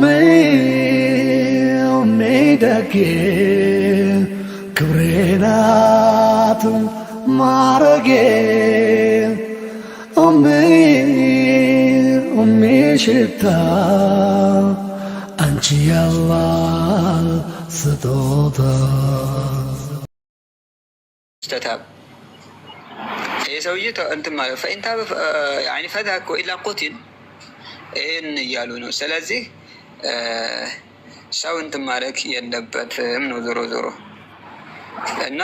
ሜሜደጌ ክብሬናት ማረጌ ኦሜ ኦሜ ሽታ አንቺ ያላል ስጦታ ይህ እንትን ማለት ፈኢንታ ፈተህ እኮ ኢላ ቁቲል ይህን እያሉ ነው። ስለዚህ ሰው እንትን ማለት የለበትም ነው ዞሮ ዞሮ እና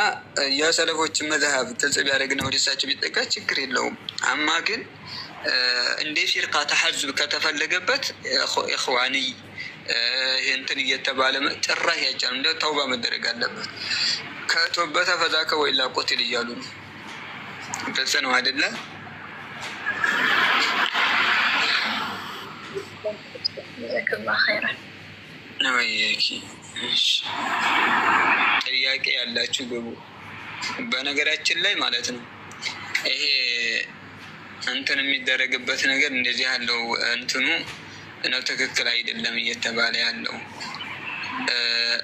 የሰለፎች መዝሀብ ግልጽ ቢያደርግና ወደ ወደሳቸው ቢጠጋ ችግር የለውም። አማ ግን እንደ ፊርቃ ተሐዙብ ከተፈለገበት ኢኽዋንይ እንትን እየተባለ ጭራሽ ያጫል እንደ ተውባ መደረግ አለበት። ከቶበተ ወይላ ቆትል እያሉ ነው። ግልጽ ነው አይደለ? ጥያቄ ያላችሁ ግቡ። በነገራችን ላይ ማለት ነው ይሄ እንትን የሚደረግበት ነገር እንደዚህ ያለው እንትኑ ነው ትክክል አይደለም እየተባለ ያለው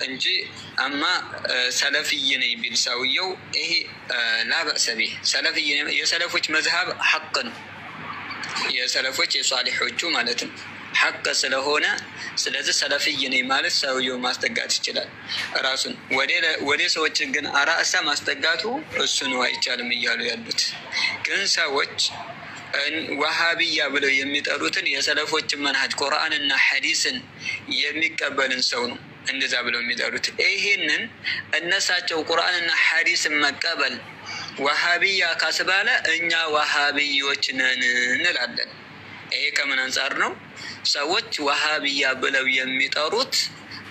እንጂ አማ ሰለፍይ ነኝ ቢል ሰውየው ይሄ ላበእሰቤ የሰለፎች መዝሀብ ሀቅ ነው። የሰለፎች የሷሊሖቹ ማለት ነው ሐቅ ስለሆነ ስለዚህ ሰለፍይ ነኝ ማለት ሰውየው ማስጠጋት ይችላል እራሱን ወደ ሰዎች ግን አራእሳ ማስጠጋቱ እሱ ነው አይቻልም እያሉ ያሉት ግን ሰዎች ዋሃቢያ ብለው የሚጠሩትን የሰለፎችን መንሃጅ ቁርአንና ሐዲስን የሚቀበልን ሰው ነው እንደዛ ብለው የሚጠሩት። ይህንን እነሳቸው ቁርአንና ሐዲስን መቀበል ዋሃቢያ ካስባለ እኛ ዋሃቢዮች ነን እንላለን። ይሄ ከምን አንጻር ነው? ሰዎች ወሃብያ ብለው የሚጠሩት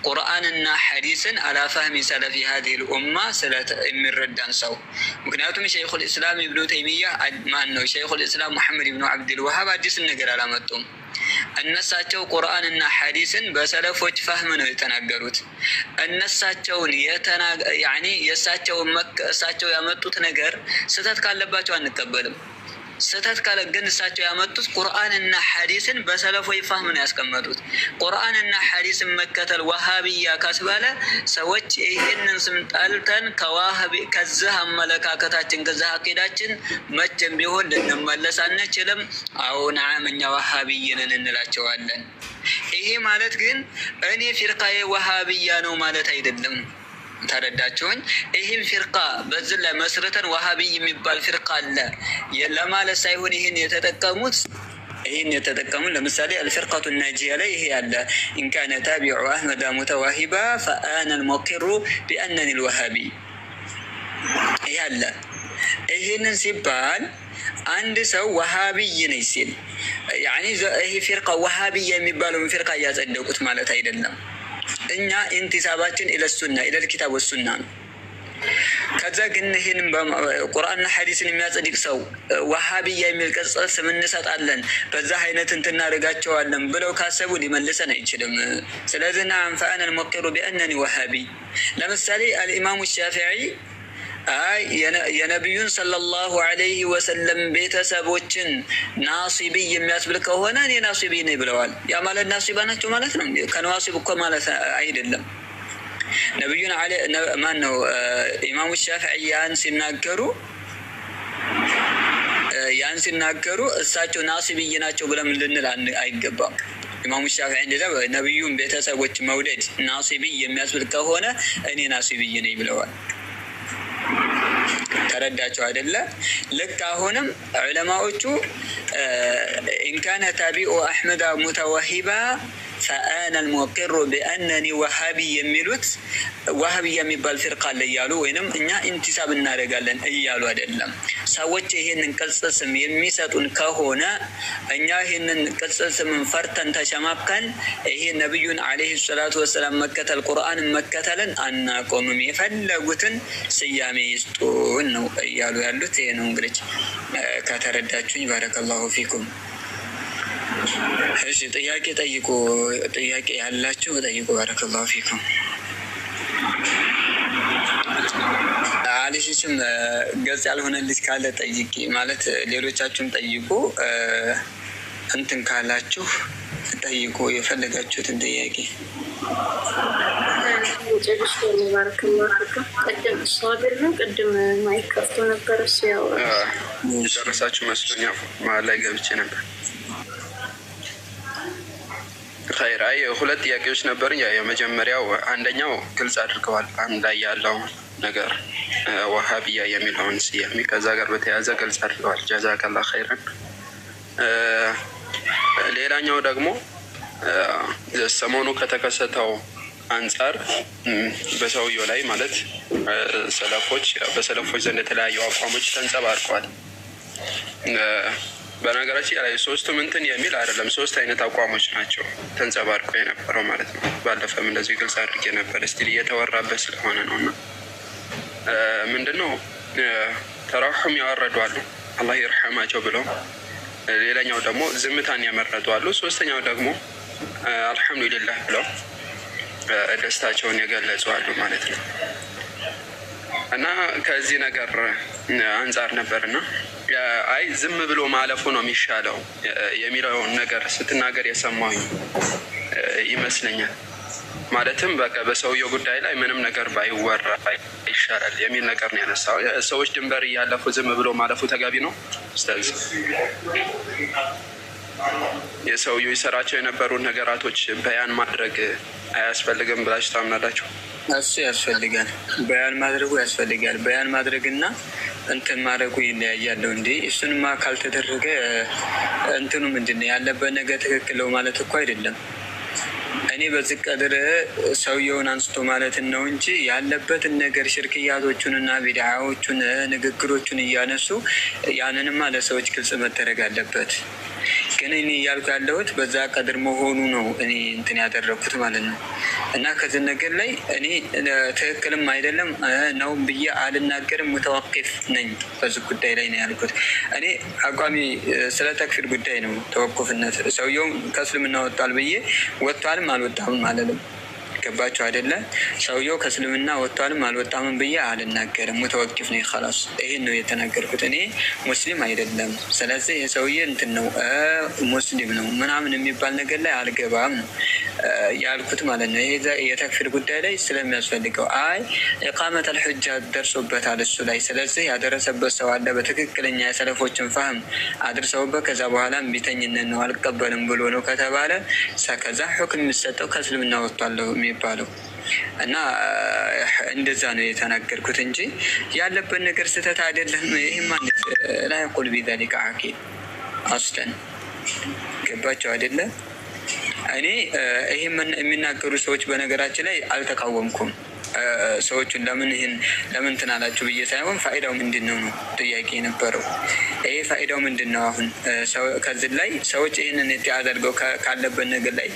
ቁርአንና ሐዲስን አላፋህሚ ሰለፊ ሀዲል ኡማ የሚረዳን ሰው ምክንያቱም ሸይኹ ኢስላም ኢብኑ ተይሚያ ማን ነው? ሸይኹ ኢስላም ሙሐመድ ብኑ ዓብድልዋሃብ አዲስን ነገር አላመጡም። እነሳቸው ቁርአንና ሐዲስን በሰለፎች ፋህም ነው የተናገሩት። እነሳቸውን እሳቸው ያመጡት ነገር ስህተት ካለባቸው አንቀበልም። ስህተት ካለ ግን እሳቸው ያመጡት ቁርአንና ሐዲስን በሰለፎች ፋህም ነው ያስቀመጡት። ቁርአንና ሐዲስን መከተል ዋሃብያ ካስባለ ሰዎች ይህንን ስም ጣልተን ከዚህ አመለካከታችን ከዚህ አቂዳችን መቼም ቢሆን ልንመለስ አንችልም። አሁን አመኛ ዋሃብይንን እንላቸዋለን። ይሄ ማለት ግን እኔ ፊርቃዬ ዋሃብያ ነው ማለት አይደለም። ተረዳችሁኝ? ይህም ፊርቃ በዚህ ላይ መስርተን ዋሃብይ የሚባል ፊርቃ አለ ለማለት ሳይሆን ይህን የተጠቀሙት ይህን የተጠቀሙን ለምሳሌ አልፊርቀቱ ናጂያ ላይ ይሄ ያለ ኢንካነ ታቢዑ አህመዳ ሙተዋሂባ ፈአነ ልሞኪሩ ቢአነኒ ልዋሃቢ ይሄ አለ። ይህንን ሲባል አንድ ሰው ወሃቢይ ነኝ ሲል ይሄ ፊርቃ ወሃቢያ የሚባለውን ፊርቃ እያጸደቁት ማለት አይደለም። እኛ ኢንቲሳባችን ኢለሱና ኢለል ኪታብ ወሱና ነው። ከዛ ግን ይህን ቁርአንና ሐዲስን የሚያጸድቅ ሰው ዋሃብያ የሚል ቅጽል ስም እንሰጣለን፣ በዛ አይነት እንትናደርጋቸዋለን ብለው ካሰቡ ሊመልሰን አይችልም። ስለዚህ ና አንፈአነን ቢአነኒ ዋሃቢ ለምሳሌ አልኢማሙ ሻፊዒ አይ የነቢዩን ሰለላሁ አለይህ ወሰለም ቤተሰቦችን ናሲቢ የሚያስብል ከሆነ እኔ ናሲቢ ነኝ ብለዋል። ያ ማለት ናሲባ ናቸው ማለት ነው። ከነዋሲብ እኮ ማለት አይደለም። ነቢዩን ማን ነው ኢማሙ ሻፍዒ ያን ሲናገሩ ያን ሲናገሩ እሳቸው ናሲብይ ናቸው ብለን ልንል አይገባም። ኢማሙ ሻፊዒ እንደዛ ነቢዩን ቤተሰቦች መውደድ ናሲብይ የሚያስብል ከሆነ እኔ ናሲብይ ነኝ ብለዋል። ተረዳቸው አይደለ? ልክ አሁንም ዑለማዎቹ ኢንካነ ታቢኡ አሕመዳ ሙተዋሂባ ፈአና ልሙቅሩ ቢአነኒ ዋሃቢ የሚሉት ዋሃቢያ የሚባል ፊርቃ አለ እያሉ ወይንም እኛ ኢንቲሳብ እናደርጋለን እያሉ አይደለም። ሰዎች ይህንን ቅጽል ስም የሚሰጡን ከሆነ እኛ ይህንን ቅጽል ስምን ፈርተን ተሸማብከን ይሄ ነቢዩን ዓለይሂ ሰላቱ ወሰላም መከተል ቁርአንን መከተልን አናቆምም። የፈለጉትን ስያሜ ይስጡን ነው እያሉ ያሉት። ይህ ነው እንግዲህ ከተረዳችሁኝ። ባረከላሁ ፊኩም እሺ ጥያቄ ጠይቁ። ጥያቄ ያላቸው ጠይቁ። ባረከላሁ ፊኩም። አሊሽችም ገጽ ያልሆነ ልጅ ካለ ጠይቂ ማለት ሌሎቻችሁም ጠይቁ። እንትን ካላችሁ ጠይቁ የፈለጋችሁትን ጥያቄ ጨርሽ ሙባረክ ማርካ ቅድም ማይክ ከፍቶ ነበር እሱ ያው ጨረሳችሁ መስሎኝ ላይ ገብቼ ነበር። ኸይር አይ ሁለት ጥያቄዎች ነበር። የመጀመሪያው አንደኛው ግልጽ አድርገዋል። አንድ ላይ ያለው ነገር ዋሃቢያ የሚለውን ስያሜ ከዛ ጋር በተያያዘ ግልጽ አድርገዋል። ጀዛከላ ኸይረን። ሌላኛው ደግሞ ሰሞኑ ከተከሰተው አንጻር በሰውየው ላይ ማለት ሰለፎች በሰለፎች ዘንድ የተለያዩ አቋሞች ተንጸባርቀዋል። በነገራችን ላይ ሶስቱም እንትን የሚል አይደለም። ሶስት አይነት አቋሞች ናቸው ተንጸባርቆ የነበረው ማለት ነው። ባለፈም እንደዚህ ግልጽ አድርጌ ነበር። ስቲል እየተወራበት ስለሆነ ነው እና ምንድን ነው ተራሑም ያወረዱ አሉ አላህ ይርሐማቸው ብለው፣ ሌላኛው ደግሞ ዝምታን ያመረጡ አሉ። ሶስተኛው ደግሞ አልሐምዱሊላህ ብለው ደስታቸውን የገለጹ አሉ ማለት ነው እና ከዚህ ነገር አንጻር ነበርና አይ ዝም ብሎ ማለፉ ነው የሚሻለው የሚለውን ነገር ስትናገር የሰማሁኝ ይመስለኛል። ማለትም በቃ በሰውየው ጉዳይ ላይ ምንም ነገር ባይወራ ይሻላል የሚል ነገር ነው ያነሳው። ሰዎች ድንበር እያለፉ ዝም ብሎ ማለፉ ተገቢ ነው። ስለዚ የሰውየው ይሰራቸው የነበሩ ነገራቶች በያን ማድረግ አያስፈልግም ብላችሁ ታምናላችሁ? እሱ ያስፈልጋል። በያን ማድረጉ ያስፈልጋል። በያን ማድረግና እንትን ማድረጉ ይለያያለው እንዴ? እሱንማ ካልተደረገ እንትኑ ምንድን ነው ያለበት ነገር ትክክለው ማለት እኮ አይደለም። እኔ በዚህ ቀድር ሰውየውን አንስቶ ማለትን ነው እንጂ ያለበትን ነገር ሽርክያቶቹንና ቢድሃዎቹን ንግግሮቹን እያነሱ ያንንማ ለሰዎች ግልጽ መደረግ አለበት። ግን እኔ እያልኩ ያለሁት በዛ ቀድር መሆኑ ነው። እኔ እንትን ያደረግኩት ማለት ነው። እና ከዚህ ነገር ላይ እኔ ትክክልም አይደለም ነው ብዬ አልናገርም። ሙተዋቂፍ ነኝ በዚህ ጉዳይ ላይ ነው ያልኩት። እኔ አቋሚ ስለ ተክፊር ጉዳይ ነው ተወኩፍነት። ሰውየውም ከእስልምና ወጥቷል ብዬ ወጥቷልም አልወጣም አለልም። የሚያስገባቸው አይደለም። ሰውየው ከእስልምና ወጥቷልም አልወጣምም ብዬ አልናገርም። ሙተወቂፍ ነው ይላስ ይሄን ነው የተናገርኩት። እኔ ሙስሊም አይደለም፣ ስለዚህ የሰውዬ እንትን ነው ሙስሊም ነው ምናምን የሚባል ነገር ላይ አልገባም ያልኩት ማለት ነው። የተክፊር ጉዳይ ላይ ስለሚያስፈልገው አይ ኢቃመት አልሑጃ ደርሶበታል እሱ ላይ ስለዚህ ያደረሰበት ሰው አለ በትክክለኛ የሰለፎችን ፋህም አድርሰውበት ከዛ በኋላ ቢተኝነት ነው አልቀበልም ብሎ ነው ከተባለ ከዛ ሕክም የሚሰጠው ከእስልምና ወጥቷለሁ የሚባለው እና እንደዛ ነው የተናገርኩት እንጂ ያለበት ነገር ስህተት አይደለም። ይህማ ላይ ቁል ቢዛሊቃ አቂል አስለን ገባቸው አይደለም። እኔ ይህ የሚናገሩ ሰዎች በነገራችን ላይ አልተቃወምኩም። ሰዎቹን ለምን ይህን ለምን ትናላችሁ አላችሁ ብዬ ሳይሆን ፋይዳው ምንድን ነው ነው ጥያቄ የነበረው። ይሄ ፋይዳው ምንድን ነው? አሁን ከዚህ ላይ ሰዎች ይህንን የተያዝ አድርገው ካለበት ነገር ላይ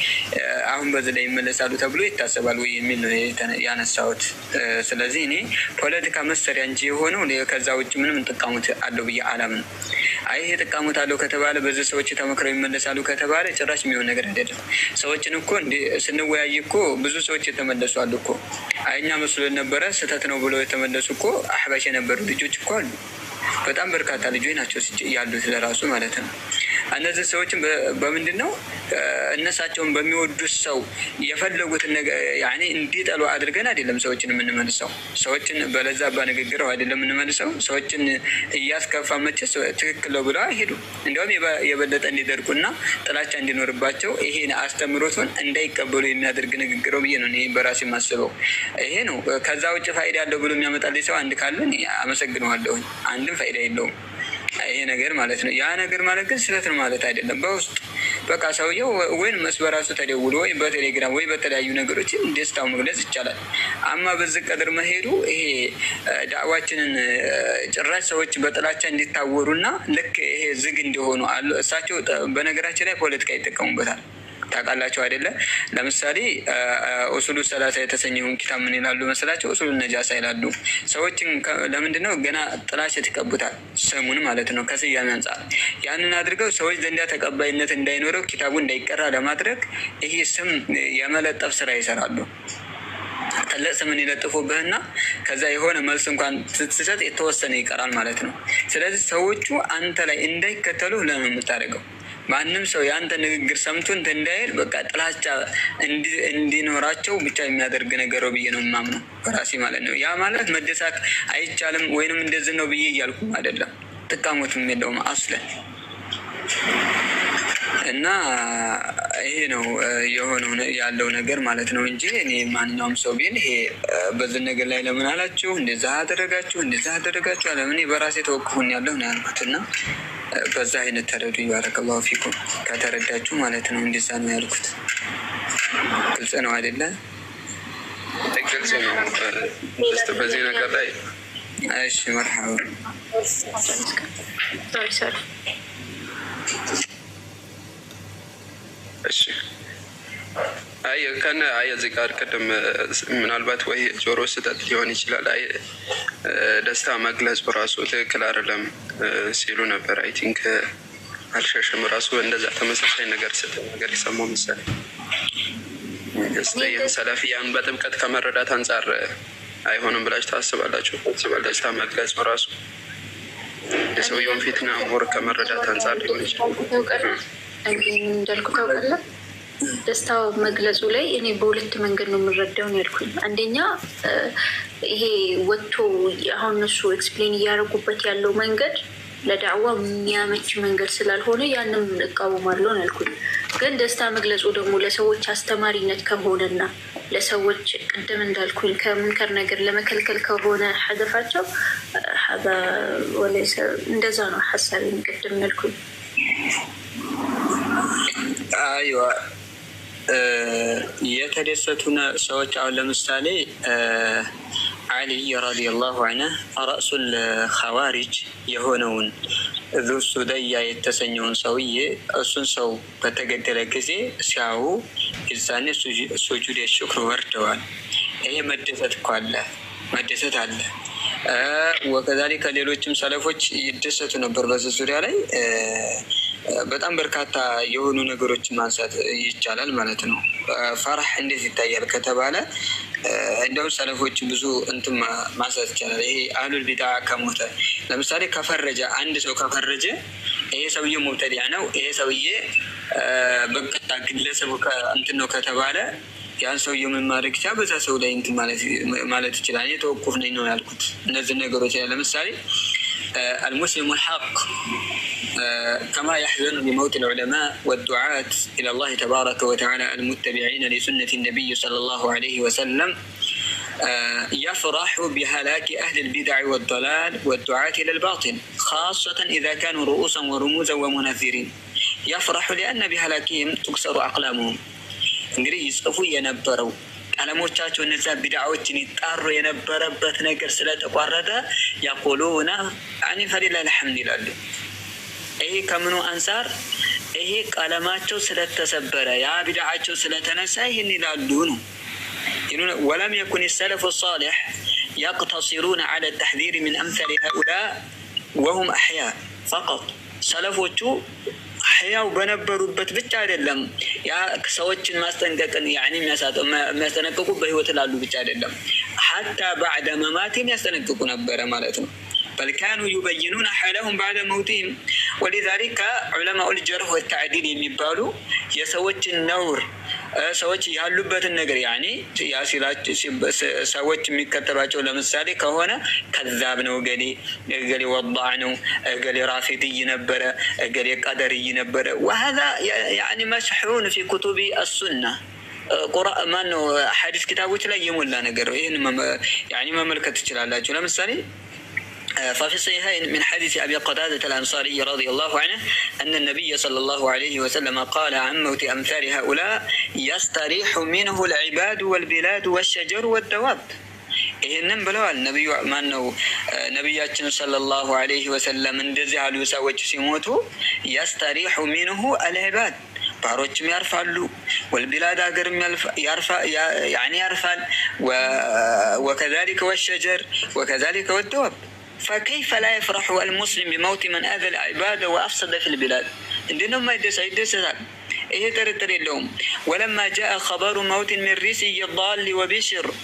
አሁን በዚህ ላይ ይመለሳሉ ተብሎ ይታሰባል ወይ የሚል ያነሳሁት። ስለዚህ እኔ ፖለቲካ መሰሪያ እንጂ የሆነው ከዛ ውጭ ምንም ጠቃሙት አለው ብዬ አላምንም። አይ ይሄ አለው ከተባለ በዚህ ሰዎች ተመክረው ይመለሳሉ ከተባለ ጭራሽ የሚሆን ነገር አይደለም። ሰዎችን እኮ ስንወያይ እኮ ብዙ ሰዎች የተመለሱ አሉ እኮ። አይኛ መስሎን ነበረ ስህተት ነው ብለው የተመለሱ እኮ አህባሽ የነበሩ ልጆች እኮ አሉ። በጣም በርካታ ልጆች ናቸው ያሉት ለራሱ ማለት ነው። እነዚህ ሰዎችን በምንድን ነው እነሳቸውን በሚወዱት ሰው የፈለጉትን እንዲጠሉ አድርገን አይደለም ሰዎችን የምንመልሰው። ሰዎችን በለዛባ ንግግር አይደለም የምንመልሰው። ሰዎችን እያስከፋ መቼ ትክክል ነው ብለው አይሄዱ። እንዲሁም የበለጠ እንዲደርቁና ጥላቻ እንዲኖርባቸው ይሄን አስተምሮቱን እንዳይቀበሉ የሚያደርግ ንግግረው ብዬ ነው በራሴ የማስበው። ይሄ ነው። ከዛ ውጭ ፋይዳ ያለው ብሎ የሚያመጣልኝ ሰው አንድ ካለን አመሰግነዋለሁኝ። አንድም ፋይዳ የለውም ይሄ ነገር ማለት ነው። ያ ነገር ማለት ግን ስህተት ነው ማለት አይደለም። በውስጡ በቃ ሰውየው ወይም በራሱ ተደውሎ ወይም በቴሌግራም ወይ በተለያዩ ነገሮችን ደስታው መግለጽ ይቻላል። አማ በዚህ ቀድር መሄዱ ይሄ ዳዕዋችንን ጭራሽ ሰዎች በጥላቻ እንዲታወሩና ልክ ይሄ ዝግ እንደሆኑ እሳቸው በነገራችን ላይ ፖለቲካ ይጠቀሙበታል። ታውቃላችሁ አይደለ? ለምሳሌ ኡሱሉ ሰላሳ የተሰኘውን ኪታብ ምን ይላሉ መስላቸው? ኡሱሉ ነጃሳ ይላሉ። ሰዎችን ለምንድን ነው ገና ጥላሸት ይቀቡታል፣ ስሙን ማለት ነው ከስያሜ አንጻር። ያንን አድርገው ሰዎች ዘንዳ ተቀባይነት እንዳይኖረው ኪታቡ እንዳይቀራ ለማድረግ ይሄ ስም የመለጠፍ ስራ ይሰራሉ። ትልቅ ስምን ይለጥፉብህና ከዛ የሆነ መልስ እንኳን ስትሰጥ የተወሰነ ይቀራል ማለት ነው። ስለዚህ ሰዎቹ አንተ ላይ እንዳይከተሉ ለምን የምታደርገው? ማንም ሰው የአንተ ንግግር ሰምቶ እንትን እንዳይል በቃ ጥላቻ እንዲኖራቸው ብቻ የሚያደርግ ነገረው ብዬ ነው የማምነው በራሴ ማለት ነው። ያ ማለት መደሳት አይቻልም ወይንም እንደዚህ ነው ብዬ እያልኩም አይደለም። ጥቃሞትም የለውም አስለን እና ይሄ ነው የሆነ ያለው ነገር ማለት ነው እንጂ እኔ ማንኛውም ሰው ቢል ይሄ በዚህ ነገር ላይ ለምን አላችሁ እንደዛ አደረጋችሁ እንደዛ አደረጋችሁ አለምን በራሴ ተወክሁን ያለሁ ነው ያልኩት እና በዛ አይነት ተረዱ። ባረከላሁ ፊኩም ከተረዳችሁ ማለት ነው። እንደዛ ነው ያልኩት። ግልጽ ነው አይደለ? ግልጽ ነው። በዚህ ነገር ላይ እሺ፣ መርሐባ እሺ አይ ከነ አይ እዚህ ጋር ቅድም ምናልባት ወይ ጆሮ ስጠት ሊሆን ይችላል። አይ ደስታ መግለጽ በራሱ ትክክል አይደለም ሲሉ ነበር። አይ ቲንክ አልሸሽም ራሱ እንደዛ ተመሳሳይ ነገር ስትናገር የሰማው ምሳሌ ሰለፊያን በጥብቀት ከመረዳት አንጻር አይሆንም ብላችሁ ታስባላችሁ? ደስታ መግለጽ በራሱ የሰውየውን ፊትና ሞር ከመረዳት አንጻር ሊሆን ይችላል። እንዳልኩ ታውቃለህ፣ ደስታ መግለጹ ላይ እኔ በሁለት መንገድ ነው የምረዳውን ያልኩኝ። አንደኛ ይሄ ወጥቶ አሁን እነሱ ኤክስፕሌን እያደረጉበት ያለው መንገድ ለዳዕዋ የሚያመች መንገድ ስላልሆነ ያንም እቃወማለሁ ያልኩኝ። ግን ደስታ መግለጹ ደግሞ ለሰዎች አስተማሪነት ከሆነና ለሰዎች ቅድም እንዳልኩኝ ከምንከር ነገር ለመከልከል ከሆነ ሀገፋቸው ወላይ እንደዛ ነው ሀሳቢ ቅድም ያልኩኝ። የተደሰቱ ሰዎች አሁን ለምሳሌ አሊይ ረዲየላሁ አንህ ረእሱል ኸዋሪጅ የሆነውን ዙ ሱደያ የተሰኘውን ሰውዬ እሱን ሰው በተገደለ ጊዜ ሲያዩ የዛኔ ሱጁድ የሽክር ወርደዋል። ይሄ መደሰት እኮ አለ መደሰት አለ። ወከዛሊከ ሌሎችም ሰለፎች ይደሰቱ ነበር በዚህ ዙሪያ ላይ በጣም በርካታ የሆኑ ነገሮች ማንሳት ይቻላል ማለት ነው። ፈርሕ እንዴት ይታያል ከተባለ እንዲያውም ሰለፎች ብዙ እንትን ማንሳት ይቻላል። ይሄ አህሉል ቢዳ ከሞተ ለምሳሌ ከፈረጀ አንድ ሰው ከፈረጀ ይሄ ሰውዬ ሙብተዲዕ ነው፣ ይሄ ሰውዬ በቀጣ ግለሰቡ እንትን ነው ከተባለ ያን ሰው ምን ማድረግ በዛ ሰው ላይ እንትን ማለት ይችላል። እኔ ተወቁፍ ነኝ ነው ያልኩት። እነዚህ ነገሮች ለምሳሌ አልሙስሊሙ ሐቅ كما يحزنني موت العلماء والدعاة إلى الله تبارك وتعالى المتبعين لسنة النبي صلى الله عليه وسلم آه، يفرح بهلاك أهل البدع والضلال والدعاة إلى الباطل خاصة إذا كانوا رؤوسا ورموزا ومنذرين يفرح لأن بهلاكهم تكسر أقلامهم እንግዲህ على የነበረው ቀለሞቻቸው بدعوتني تار ينبر የነበረበት كرسلات ስለተቋረጠ يقولون عن فريلا الحمد لله ይሄ ከምኑ አንጻር ይሄ ቀለማቸው ስለተሰበረ ያ ቢድዓቸው ስለተነሳ ይህን ይላሉ ነው። ወለም የኩን ሰለፉ ሳሊሕ የቅተሲሩነ ዐለ ተሕዚር ምን አምሰል ሃኡላ ወሁም አሕያ ፈቀጥ ሰለፎቹ ሕያው በነበሩበት ብቻ አይደለም ያ ሰዎችን ማስጠንቀቅን የሚያስጠነቅቁ በህይወት ላሉ ብቻ አይደለም ሐታ ባዕደ መማት የሚያስጠነቅቁ ነበረ ማለት ነው። بل كانوا يبينون حالهم بعد موتهم ولذلك ዑለማኡ ልጀርህ ወተዕዲል የሚባሉ የሰዎችን ነውር ሰዎች ያሉበትን ነገር ያኔ ሰዎች የሚከተሏቸው ለምሳሌ ከሆነ ከዛብ ነው፣ እገሌ እገሌ ወዳዕ ነው፣ እገሌ ራፊድይ ነበረ፣ እገሌ ቀደርይ ነበረ። ወሀዛ ያኒ መስሑን ፊ ኩቱቢ አሱና ማን ነው ሐዲስ ኪታቦች ላይ የሞላ ነገር ነው። ይህን መመልከት ትችላላችሁ። ለምሳሌ آه، ففي الصحيحين من حديث أبي قتادة الأنصاري رضي الله عنه أن النبي صلى الله عليه وسلم قال عن موت أمثال هؤلاء يستريح منه العباد والبلاد والشجر والدواب ይህንን ብለዋል ነቢዩ ማን ነው ነቢያችን ሰለላሁ አለይህ ወሰለም እንደዚህ ያሉ ሰዎች ሲሞቱ ያስተሪሑ ሚንሁ አልዕባድ ባህሮችም ያርፋሉ ወልቢላድ ሀገርም ያርፋል ወከዛሊከ ወሸጀር ወከዛሊከ ወደወብ فكيف لا يفرح المسلم بموت من آذى العبادة وأفسد في البلاد دينهم ما يدس يدس إيه ترى ترى اللوم ولما جاء خبر موت من ريسي الضال وبشر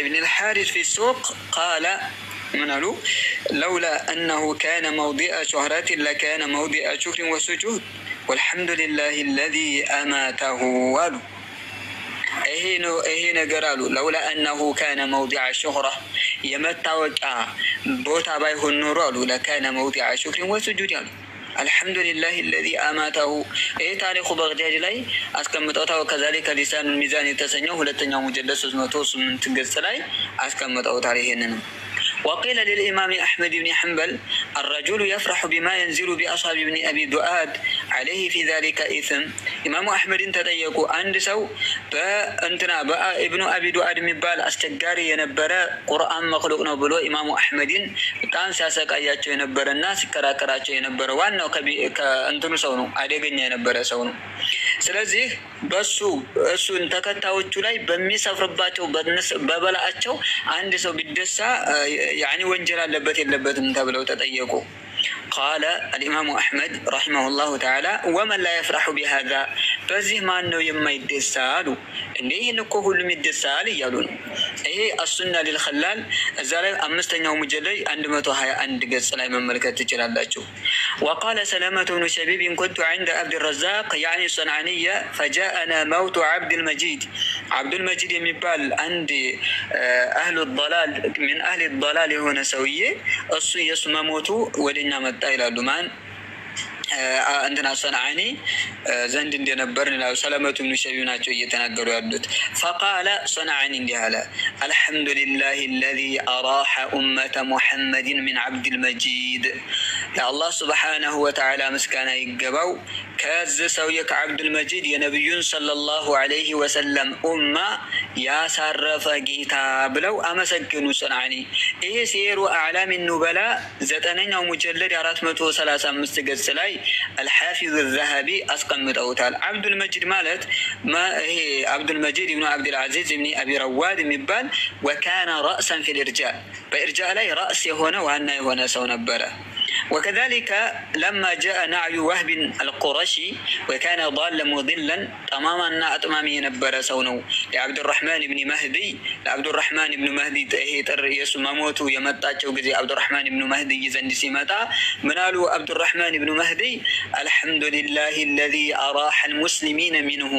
ابن الحارث في السوق قال من علو لولا أنه كان موضع شهرات لكان موضع شكر وسجود والحمد لله الذي أماته والو ይሄ ነገር አሉ ለውላ አነሁ ካነ መውዲዐ ሹህራ የመታወቂያ ቦታ ባይሆን ኖሮ አሉ ለካነ መውዲዐ ሹክሪን ወሱጁድ አሉ። አልሐምዱሊላህ ለዚ አማታሁ። ይህ ታሪኩ በግዳድ ላይ አስቀምጠውታው። ከዛሊከ ሊሳን ሚዛን የተሰኘው ሁለተኛው ሙጀለድ ሶስት መቶ ስምንት ገጽ ላይ አስቀምጠውታል። ይሄንንም ወቂለ ልልኢማም አሕመድ ብኒ ሐንበል አረጁሉ የፍረሑ ቢማ የንዚሉ ቢአስሓቢ ብኒ አቢ ዱአድ አለይህ ፊ ዛሊከ ኢስም ኢማሙ አሕመድን ተጠየቁ። አንድ ሰው በእንትና በኢብኑ አቢ ዱአድ የሚባል አስቸጋሪ የነበረ ቁርአን መክሉቅ ነው ብሎ ኢማሙ አሕመድን በጣም ሲያሰቃያቸው የነበረ እና ሲከራከራቸው የነበረ ዋናው ከእንትኑ ሰው ነው፣ አደገኛ የነበረ ሰው ነው። ስለዚህ በሱ እሱን ተከታዮቹ ላይ በሚሰፍርባቸው በበላአቸው አንድ ሰው ቢደሳ ያኒ ወንጀል አለበት የለበትም ተብለው ተጠየቁ። قال الإمام أحمد رحمه الله تعالى ومن لا يفرح بهذا بزه ما أنه يما يدسالو ليه نكوه هلم يدسال يالون ይሄ አሱና ሊልከላል እዛ ላይ አምስተኛው ሙጀለድ አንድ መቶ ሀያ አንድ ገጽ ላይ መመልከት ትችላላችሁ። ወቃለ ሰለመቱ ብኑ ሸቢብ እንኩንቱ ዐንደ አብድረዛቅ ያኒ ሰንዓንየ ፈጃአነ መውቱ ዓብድልመጂድ ዓብዱልመጂድ የሚባል አንድ አህሉ ላል ምን አህል ላል የሆነ ሰውዬ እሱ የእሱ መሞቱ ወደኛ መጣ ይላሉ ማን عندنا صنعاني زند عندنا برنا وسلامة من شبيبنا جيتنا قرؤدت فقال صنعاني قال الحمد لله الذي أراح أمة محمد من عبد المجيد ለአላህ ስብሓናሁ ወተዓላ ምስጋና ይገባው። ከዚህ ሰውዬ ከአብዱል መጂድ የነቢዩን ሰለላሁ አለይህ ወሰለም ኡማ ያሳረፈ ጌታ ብለው አመሰግኑ ጽንዓኒ። ይህ ሲሩ አዕላሚ ኑበላ ዘጠነኛው ሙጀለድ አራት መቶ ሰላሳ አምስት ገጽ ላይ አልሓፊዝ ዘሀቢ አስቀምጠውታል። አብዱል መጂድ ማለት ይሄ አብዱል መጂድ ብኑ አብድልዓዚዝ ብኒ አቢ ረዋድ የሚባል ወካነ ረእሰን ፊል ኢርጃ በኢርጃ ላይ ራእስ የሆነ ዋና የሆነ ሰው ነበረ። وكذلك لما جاء نعي وهب القرشي وكان ضالا مضلا تماما أتمامي نبرا سونو የአብዱራህማን ብኒ መህዲ ለአብዱራህማን ብኑ መህዲ ይሄ ጥር የእሱ መሞቱ የመጣቸው ጊዜ አብዱራህማን ብኑ መህዲ ዘንድ ሲመጣ ምናሉ አብዱራህማን ብኑ መህዲ አልሐምዱሊላህ ለዚ አራሐ ልሙስሊሚን ሚንሁ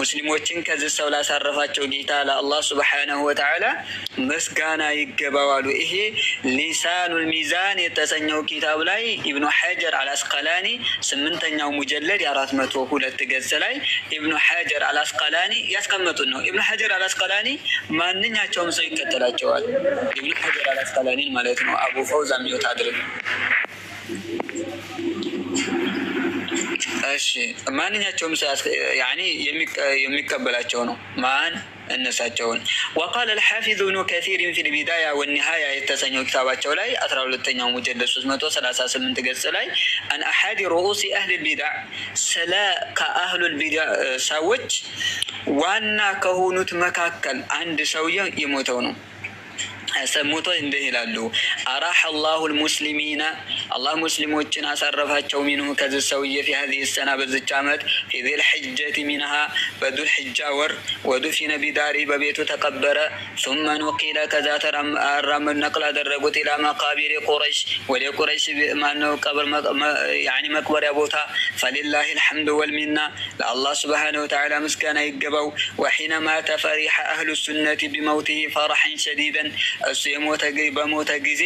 ሙስሊሞችን ከዚህ ሰው ላሳረፋቸው ጌታ ለአላህ ስብሓነሁ ወተዓላ ምስጋና ይገባዋሉ። ይሄ ሊሳኑ ሚዛን የተሰኘው ኪታብ ላይ ኢብኑ ሐጀር አልአስቀላኒ ስምንተኛው ሙጀለድ የአራት መቶ ሁለት ገጽ ላይ ኢብኑ ሐጀር አልአስቀላኒ ያስቀመጡት ነው። ነው። ኢብን ሐጀር አላስቀላኒ ማንኛቸውም ሰው ይከተላቸዋል። ኢብን ሐጀር አልአስቀላኒን ማለት ነው። አቡ ፈውዝ አሚዮት አድርግ። እሺ ማንኛቸውም ሰው የሚቀበላቸው ነው ማን እነሳቸውን ወቃለ ልሓፊዝ ብኑ ከሲሪን ፊ ልቢዳያ ወኒሃያ የተሰኘው ኪታባቸው ላይ አስራ ሁለተኛው ሙጀለድ ሶስት መቶ ሰላሳ ስምንት ገጽ ላይ አን አሓዲ ርኡሲ አህል ልቢዳዕ ስለ ከአህሉ ልቢዳዕ ሰዎች ዋና ከሆኑት መካከል አንድ ሰውዬ የሞተው ነው። سموت عنده لالو أراح الله المسلمين الله مسلم وجن أسرفها تشو منه كذا سوية في هذه السنة بالزجامت في ذي الحجة منها بدو الحجاور ودفن بداري ببيت تقبر ثم نقيل كذا ترم أرم النقل درقت إلى مقابر قريش ولقريش ما قبر يعني مقبر أبوتا فلله الحمد والمنة لله سبحانه وتعالى مسكنا يقبو وحينما تفريح أهل السنة بموته فرحا شديدا እሱ የሞተ በሞተ ጊዜ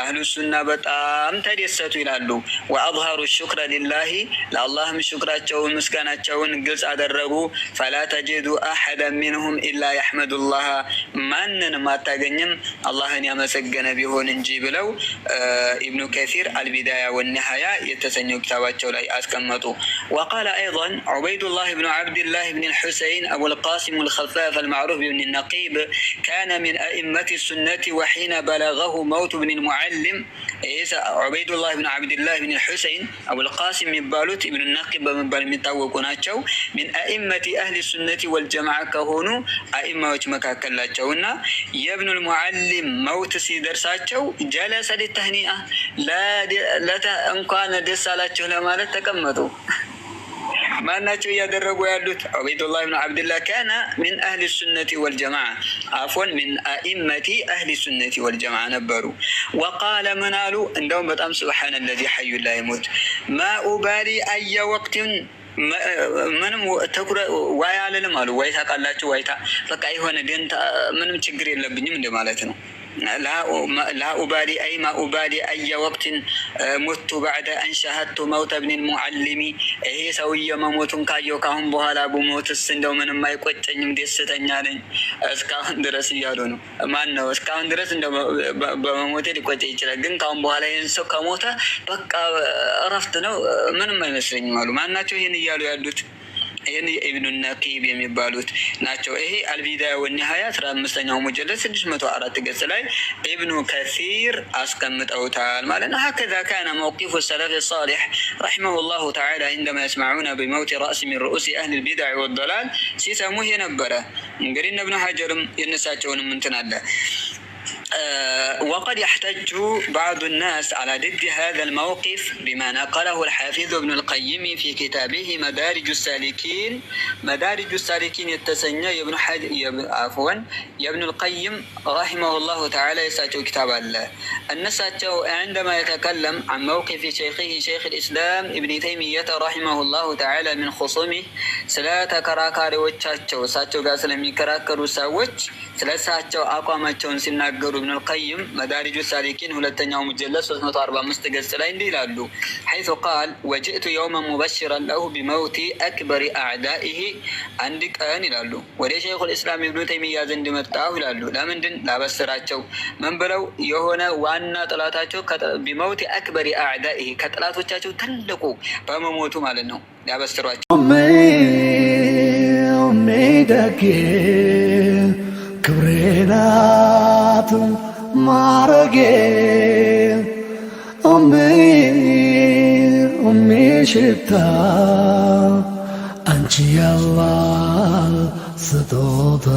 አህሉ ሱና በጣም ተደሰቱ ይላሉ። ወአብሃሩ ሹክረ ሊላሂ ለአላህም ሹክራቸውን ምስጋናቸውን ግልጽ አደረጉ። ፈላ ተጅዱ አሐደ ሚንሁም ኢላ ያሕመዱላህ ማንንም አታገኝም አላህን ያመሰገነ ቢሆን እንጂ ብለው ኢብኑ ከሲር አልቢዳያ ወኒሃያ የተሰኘው ኪታባቸው ላይ አስቀመጡ። ወቃለ አይን ዑበይዱላህ ብኑ ዓብድላህ ብን ልሑሰይን አቡልቃሲም ልከፋፍ አልማዕሩፍ ብን ነቂብ ካነ ምን አእመት ሱነት ወሒነ በለገሁ መውቱ ብን ሙዓልም ዑበይዱላህ ብን ዓብድላህ ብን ሑሰይን አቡልቃሲም የሚባሉት ኢብኑ ናቂብ በመባል የሚታወቁ ናቸው። ሚን አኢመቲ አህሊ ሱነቲ ወልጀማዓ ከሆኑ አኢማዎች መካከል ናቸው እና የብኑል ሙዓልም መውት ሲደርሳቸው ጀለሰ ሊተህኒአ ለእንኳን ደስ አላቸው ለማለት ተቀመጡ። ما ناتو يا درغو يالوت عبيد الله بن عبد الله كان من اهل السنه والجماعه عفوا من ائمه اهل السنه والجماعه نبروا وقال منالو اندوم بتام سبحان الذي حي لا يموت ما ابالي اي وقت من تكرة ويا على المال ويا قال لا تويتا فكأي هو ندين منم تجري إلا بنيم دمالتنا لا أبالي أي ما أبالي أي ሙቱ ባዕደ አንሸሀቱ መውተ ብኒል ሙዓልሚ ይሄ ሰውዬ መሞቱን ካየው ካሁን በኋላ ብሞትስ እንደው ምንም አይቆጨኝም፣ ደስተኛ ነኝ እስካሁን ድረስ እያሉ ነው። ማን ነው እስካሁን ድረስ እንደው በመሞቴ ሊቆጨ ይችላል፣ ግን ካሁን በኋላ ይህን ሰው ከሞተ በቃ እረፍት ነው፣ ምንም አይመስለኝም አሉ። ማን ይህን እያሉ ያሉት? ኢብኑ ነቂብ የሚባሉት ናቸው። ይሄ አልቢዳያ ወኒሃያ አስራ አምስተኛው ሙጀለድ ስድስት መቶ አራት ገጽ ላይ ኢብኑ ከሲር አስቀምጠውታል ማለት ነው። ሀከዛ ካነ መውቂፉ ሰለፍ ሳሊሕ ረሒመሁ ላሁ ተዓላ እንደማ የስማዑና ቢመውት ራእስ ሚን ርኡስ አህል ልቢድዕ ወደላል ሲሰሙህ ነበረ እንግዲህ እነ ብኑ ሀጀርም የነሳቸውንም እንትን አለ آه، وقد يحتج بعض الناس على ضد هذا الموقف بما نقله الحافظ ابن القيم في كتابه مدارج السالكين مدارج السالكين يتسنى ابن حد... عفوا يا ابن القيم رحمه الله تعالى يساتو كتاب الله أن عندما يتكلم عن موقف شيخه شيخ الإسلام ابن تيمية رحمه الله تعالى من خصومه سلا تكراكاري وتشاتو ساتو غاسلمي من كراكرو ساوچ ስለ እሳቸው አቋማቸውን ሲናገሩ ኢብኑ ልቀይም መዳሪጁ ሳሊኪን ሁለተኛው ሙጀለድ 345 ገጽ ላይ እንዲህ ይላሉ። ሐይሱ ቃል ወጅእቱ የውመ ሙበሽረን ለሁ ቢመውቲ አክበሪ አዕዳኢህ። አንድ ቀን ይላሉ ወደ ሸይኹ ልእስላም ኢብኑ ተይሚያ ዘንድ መጣሁ ይላሉ። ለምንድን ላበስራቸው ምን ብለው የሆነ ዋና ጥላታቸው ቢመውቲ አክበሪ አዕዳኢህ ከጥላቶቻቸው ትልቁ በመሞቱ ማለት ነው ሊያበስሯቸው ክብሬ ማረጌ እሜ እሜ ሽታ አንቺ ያላ ስጦታ